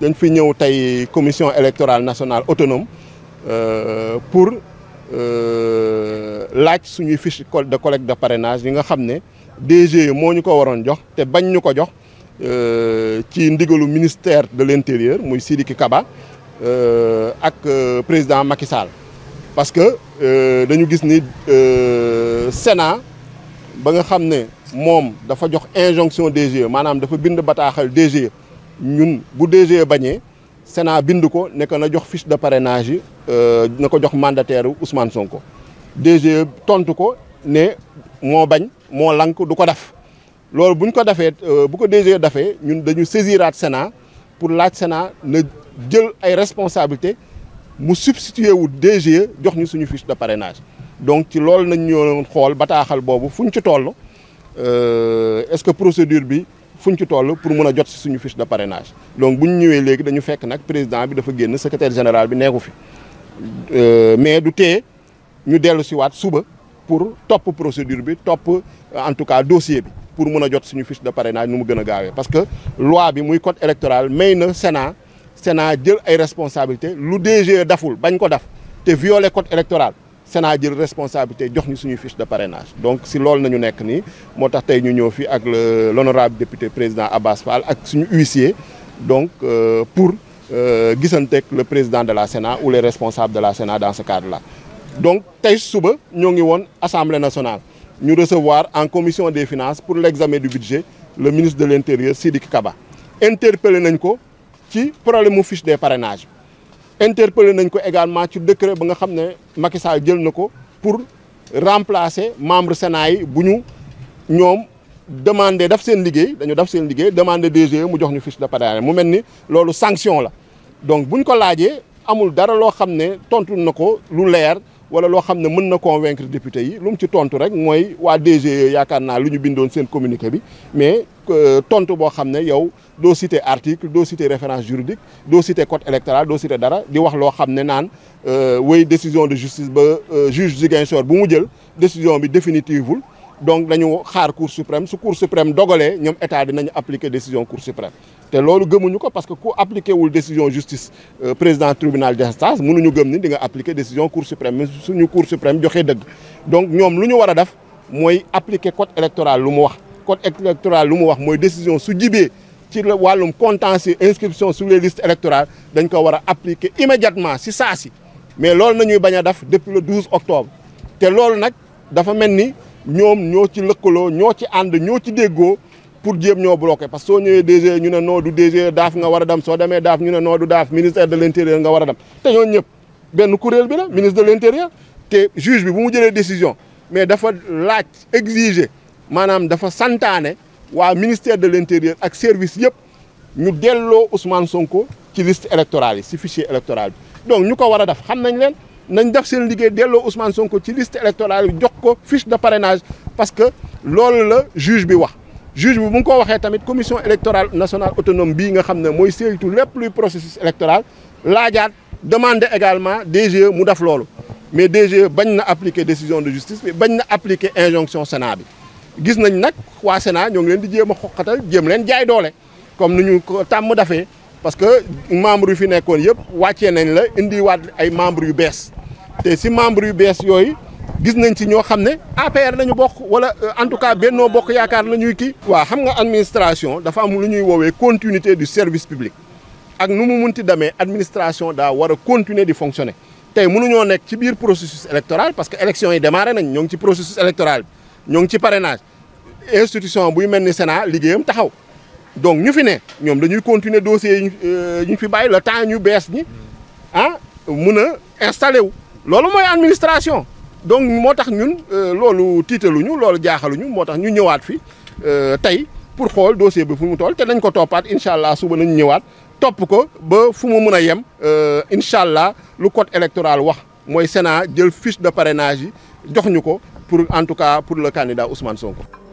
dañ fi ñëw tey commission électorale nationale autonome euh, pour euh, laaj suñuy fiche de collecte de parrainage yi nga xam ne DG moo ñu ko waroon jox te bañ ñu ko jox euh, ci ndigalu ministère de l'intérieur muy Sidiki Kaba euh, ak président Macky parce que dañu gis ni Sénat ba nga xam ne moom dafa jox injonction DGE maanaam dafa bind bataaxal DGE ñun bu DGE bañee Sénat bind ko ne na jox fiche de parrainage yi euh, na ko jox mandataire Ousmane Sonko DGE tontu ko ne moo bañ moo lank du ko def loolu buñ ko defee euh, bu ko DGE dafee ñun dañu saisiraat Sénat pour laaj Sénat na jël ay responsabilité mu substitué wu DGE jox ñu suñu fiche de parrainage donc ci loolu nañ ñoo xool bataaxal boobu fu ñu ci toll Euh, est-ce que procédure bi fu ñu ci toll pour mun a jot si suñu fiche de parrainage donc bu ñu ñëwee léegi dañu fekk nag président bi dafa génn secrétaire général bi neeku fi euh, mais du tee ñu dellu si waat suba pour topp procédure bi topp euh, en tout cas dossier bi pour mun a jot suñu fiche de parrainage nu mu gën a gaawee parce que loi bi muy code électoral may na Sénat Sénat jël ay responsabilité lu DG e daful bañ ko daf te violer cote électoral Sénat jël responsabilité jox ñu suñu fiche de parrainage donc si loolu nañu nekk nii moo tax tey ñu ñëw fi ak le l'honorable député président Abbas Fall ak suñu huissier donc euh, pour euh, gisanteeg euh, le président de la Sénat ou les responsables de la Sénat dans ce cadre-là donc tey suba ñoo ngi woon Assemblée nationale ñu recevoir en commission des finances pour l'examen du budget le ministre de l'Intérieur Sidiki Kaba interpellé nañ ko ci problème mu fiche de parrainage interpellé nañ ko également ci décret ba nga xam ne Macky Sall jël na ko pour remplacer membre Sénat yi bu ñu ñoom demandé daf seen liggéey dañu daf seen liggéey demandé DGE mu jox ñu fiche de parrainage mu mel ni loolu sanction la donc buñ ko laajee amul dara loo xam ne tontu na ko lu leer wala loo xam ne mën na convaincre député yi lu mu ci tontu rek mooy waa DGE yaakaar naa lu ñu bindoon seen communiqué bi mais euh, tontu boo xam ne yow doo cité article doo cité référence juridique doo cité code électoral doo cité dara di wax loo xam ne naan euh, wéy décision de justice ba euh, juge Ziguinchor bu mu jël décision bi définitive wul donc dañu xaar cour suprême su cour suprême dogalee ñoom état dinañu appliquer décision cour suprême te loolu gëmuñu ko parce que ku appliqué wul décision justice euh, président tribunal d'instance mënuñu gëm ni di nga appliqué décision cour suprême même suñu cour suprême joxee dëgg donc ñoom lu ñu war a def mooy appliqué code électoral lu mu wax code électoral lu mu wax mooy décision su jibee ci wàllum contentieux inscription sur les listes électorales dañ ko war a appliqué immédiatement si saa si mais loolu nañuy bañ a def depuis le 12 octobre te loolu nag dafa mel ni ñoom ñoo ci lëkkaloo ñoo ci ànd ñoo ci déggoo pour jéem ñoo bloqué parce que soo ñëwee DG ñu ne non du DG daaf nga war soo demee daaf ñu ne non du daaf ministère de l' nga war te ñoom ñëpp benn kuréel bi la ministre de l' intérieur te juge bi bu mu jëlee décision mais dafa laaj exiger maanaam dafa santaane waa ministère de l' intérieur ak service yëpp ñu delloo Ousmane Sonko ci liste électorale yi si fichier électoral bi donc ñu ko war a def xam nañ leen nañ def seen liggéey delloo Ousmane Sonko ci liste électorale jox ko fiche de parrainage parce que loolu la juge bi wax. juge bi bu nga ko waxee tamit commission électorale nationale autonome bii nga xam ne mooy saytu lépp luy processus électoral laajaat demander également DGE mu def loolu mais DGE bañ na appliquer décision de justice mais bañ na appliquer injonction sena bi gis nañ nag waa Sénat ñoo ngi leen di jéem a xoqatal jéem leen jaay doole comme ni ñu ko tàmm dafee parce que membre yu fi nekkoon yëpp wàccee nañ la indiwaat ay membres yu bees te si membre yu bees yooyu gis nañ ci ñoo xam ne APR nañu bokk wala euh, en tout cas bennoo bokk yaakaar nañu ñuy kii. waa xam nga administration dafa am lu ñuy woowee continuité du service public ak nu mu mun ti demee administration daa war a continuer di fonctionner tey mënuñoo nekk ci biir processus électoral parce que élection yi démarré nañ ñoo ngi ci processus électoral ñoo ngi ci parrainage institution buy mel ni Sénat liggéeyam taxaw donc ñu fi ne ñoom dañuy continuer dossier yi euh, ñu fi bàyyi le temps ñu bees ñi ah mun a installé wu loolu mooy donc moo tax ñun euh, loolu tiitaluñu loolu jaaxaluñu moo tax ñu ñëwaat fi euh, tey pour xool dossier bi fu mu toll te nañ ko toppaat incha allah suba nañu ñëwaat topp ko ba fu mu mën a yem euh, incha allah lu code électoral wax mooy sena jël fiche de parrainage yi jox ñu ko pour en tout cas pour le candidat Ousmane ko